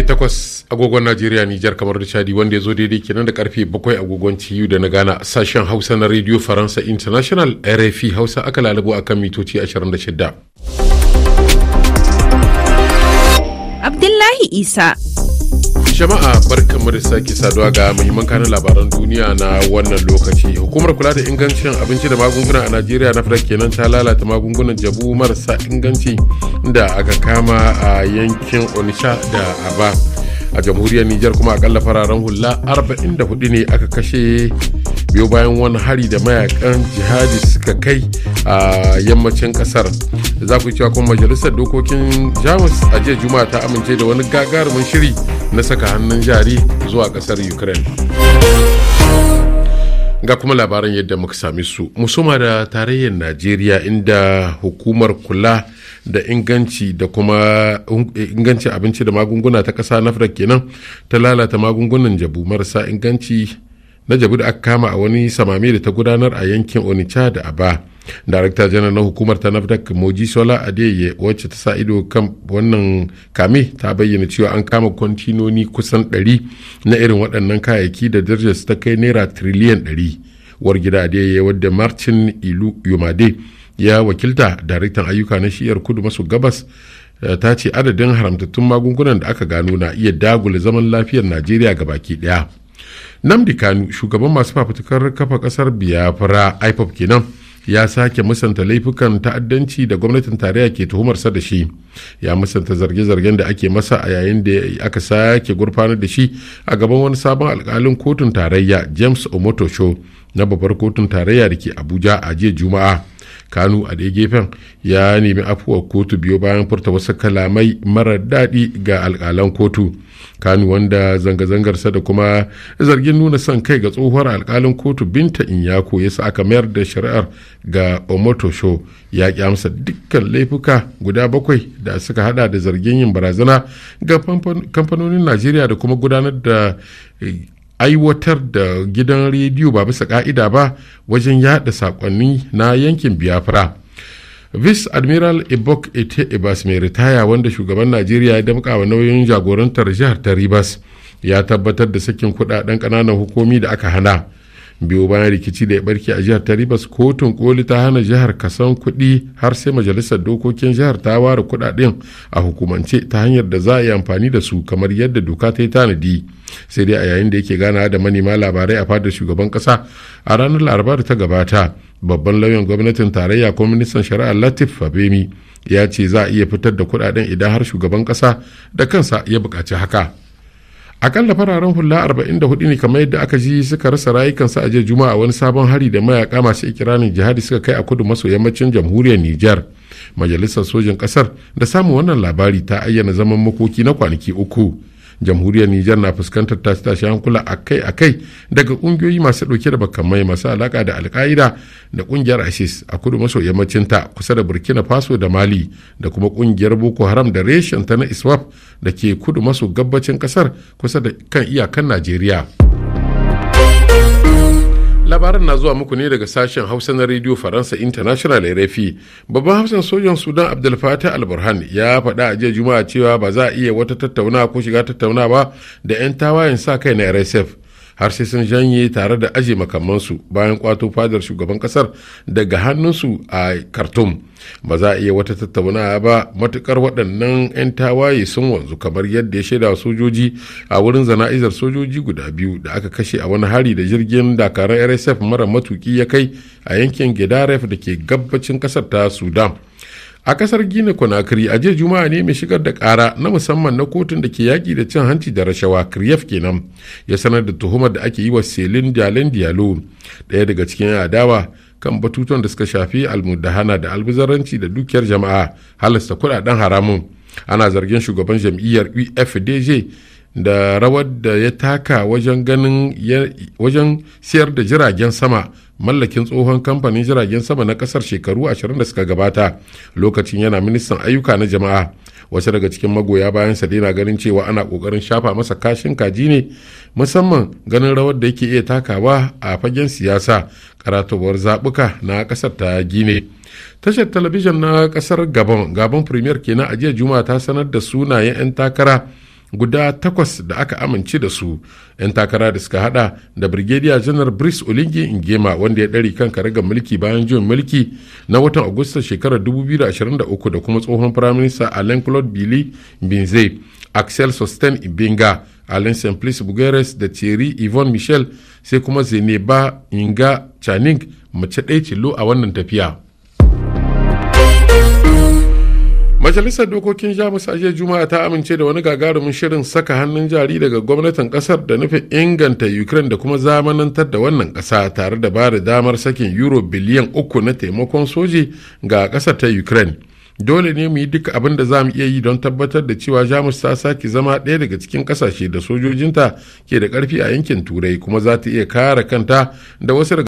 karfe takwas agogon Najeriya Nijar kamar da Chadi wanda ya zo daidai kenan da karfe bakwai agogon ciyu da na gana sashen Hausa na Radio Faransa International RFI Hausa aka lalabo akan mitoci da 26. Abdullahi Isa Jama'a barkanmu da sake saduwa ga muhimman kanun labaran duniya na wannan lokaci. Hukumar kula da ingancin abinci da magunguna a Najeriya na farko kenan ta lalata magungunan jabu marasa inganci da aka kama a yankin Onisha da Aba. A jamhuriyar Nijar kuma akalla fararen hula 44 ne aka kashe biyo bayan wani hari da mayakan jihadi suka kai a yammacin kasar za ku cewa kuma majalisar dokokin jamus a jiya juma'a ta amince da wani gagarumin shiri na saka hannun jari zuwa kasar ukraine ga kuma labaran yadda muka sami su musuma da tarayyar najeriya inda hukumar kula da inganci da kuma inganci abinci da magunguna ta kasa nafra kenan ta lalata magungunan jabu marasa inganci na jabu da aka kama a wani samami da ta gudanar a yankin onitsha da aba darakta janar na hukumar ta nafdak moji sola adeye wacce ta sa ido kan wannan kame ta bayyana cewa an kama kwantinoni kusan 100 na irin waɗannan kayayyaki da darajarsu ta kai naira triliyan 100 war gida adeye wadda martin ilu yomade ya wakilta daraktan ayyuka na shiyar kudu maso gabas eh, ta ce adadin haramtattun magungunan da aka gano na iya dagula zaman lafiyar najeriya ga baki daya namdi kanu shugaban masu fafutukar kafa kasar biafra ipop kenan ya sake musanta laifukan ta'addanci da gwamnatin tarayya ke tuhumarsa da shi ya musanta zarge-zargen da ake masa a yayin da aka sake gurfanar da shi a gaban wani sabon alkalin kotun tarayya james omotosho na babbar kotun tarayya da ke abuja a jiya juma'a kanu a ɗaya gefen ya nemi afuwar kotu biyu bayan furta wasu kalamai mara daɗi ga alƙalan kotu kanu wanda zanga-zangarsa da kuma zargin nuna son kai ga tsohuwar alƙalin kotu binta in ya sa aka mayar da shari'ar ga omotosho ya ƙi amsa dukkan laifuka guda bakwai da suka hada da zargin yin barazana ga kamfanonin najeriya da kuma gudanar da eh, aiwatar da gidan rediyo ba bisa ka'ida ba wajen yada sakonni na yankin biafra vice admiral ibok ete ibas mai ritaya wanda shugaban najeriya ya damƙawa wa nauyin jagorantar jihar ta ribas ya tabbatar da sakin kudaden ƙananan hukumi da aka hana biyu bayan rikici da ya barke a jihar ta kotun koli ta hana jihar kasan kuɗi har sai majalisar dokokin jihar ta ware kuɗaɗen a hukumance ta hanyar da za a yi amfani da su kamar yadda doka ta yi tanadi sai dai a yayin da yake ganawa da manema labarai a fadar shugaban kasa a ranar laraba da ta gabata babban lauyan gwamnatin tarayya ko ministan shari'a latif fabemi ya ce za a iya fitar da kuɗaɗen idan har shugaban kasa da kansa ya buƙaci haka. akalla fararen hula 44 ne kamar yadda aka ji suka rasa rayukansu a jiya juma'a wani sabon hari da mayaka masu ikirarin jihadi suka kai a kudu maso yammacin jamhuriyar nijar majalisar sojin kasar da samun wannan labari ta ayyana zaman makoki na kwanaki uku jamhuriyar nijar na fuskantar tashi-tashi hankula akai-akai daga kungiyoyi masu dauke da bakamai masu alaka da alka'ida da kungiyar isis a kudu maso yammacin ta kusa da burkina faso da mali da kuma kungiyar boko haram da reshen ta na iswap da ke kudu maso gabacin kasar kusa da kan iyakan najeriya labaran na zuwa muku ne daga sashen hausa na rediyo faransa international rfi babban hausan sojan sudan abdul fatah al ya faɗa a jiya juma'a cewa ba za a iya wata tattauna ko shiga tattauna ba da 'yan tawayen sa kai na rsf har sai sun janye tare da aje makamansu bayan kwato fadar shugaban kasar daga hannunsu a khartoum ba za a iya wata tattaunawa ba matukar waɗannan 'yan tawaye sun wanzu kamar yadda ya shaida sojoji a wurin zana'izar sojoji guda biyu da aka kashe a wani hari da jirgin dakarar rsf mara matuki ya kai a yankin gedaref da ke gabacin kasar ta sudan a kasar gina conakry a jiya juma'a ne mai shigar da kara na musamman na kotun da ke yaƙi da cin hanci da rashawa kriyef kenan ya sanar da tuhumar da ake yi wa selin dalin dialo ɗaya daga cikin adawa kan batutuwan da suka shafi almudahana da albuzaranci da dukiyar jama'a halasta kuɗaɗen haramun ana zargin shugaban jam'iyyar ufdj da rawar da ya taka wajen siyar da jiragen sama mallakin tsohon kamfanin jiragen sama na kasar shekaru 20 da suka gabata lokacin yana ministan ayyuka na jama'a wasu daga cikin magoya bayan sa na ganin cewa ana kokarin shafa masa kashin kaji ne musamman ganin rawar da yake iya takawa a fagen siyasa karatuwar zabuka na kasar ta gine tashar talabijin na kasar gabon gabon premier kenan a jiya juma'a ta sanar da sunayen 'yan takara guda takwas da aka amince da su 'yan takara da suka hada da brigadier janar brice olingi ingema wanda ya ɗari kan karagar mulki bayan juyin mulki na watan agusta shekarar 2023 da kuma tsohon firaminista alain claude billy binze axel sustain ibinga alain simplice bugeres da thierry yvonne michel sai kuma zeneba inga chaning mace ɗaya cilo a wannan tafiya Majalisar Dokokin Jamus a jiya Juma'a ta amince da wani gagarumin shirin saka hannun jari daga gwamnatin kasar da nufin inganta Ukraine da kuma zamanantar da wannan kasa tare da ba da damar sakin euro biliyan uku na taimakon soji ga kasar ta Ukraine. Dole ne mu yi duk abin da za mu iya yi don tabbatar da cewa Jamus ta sake zama ɗaya daga cikin ƙasashe da sojojinta ke da ƙarfi a yankin Turai kuma za ta iya kare kanta da wasu